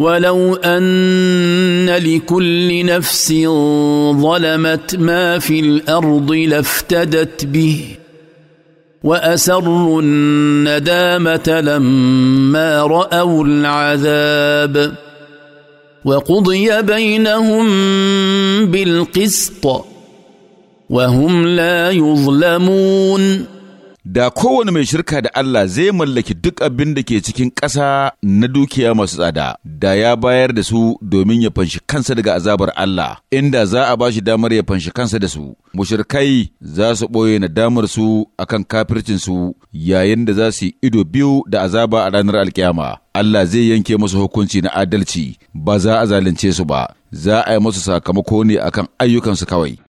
ولو ان لكل نفس ظلمت ما في الارض لافتدت به واسروا الندامه لما راوا العذاب وقضي بينهم بالقسط وهم لا يظلمون da kowane mai shirka da Allah zai mallaki duk abin da ke cikin ƙasa na dukiya masu tsada, da ya bayar da su domin ya fanshi kansa daga azabar Allah, inda za a bashi damar ya fanshi kansa da su. Mushirkai za su ɓoye na damar su a kan kafircinsu yayin da za su yi ido biyu da azaba a ranar alkiyama. Allah zai yanke musu hukunci na adalci, ba za a zalunce su ba, za a yi musu sakamako ne akan ayyukansu kawai.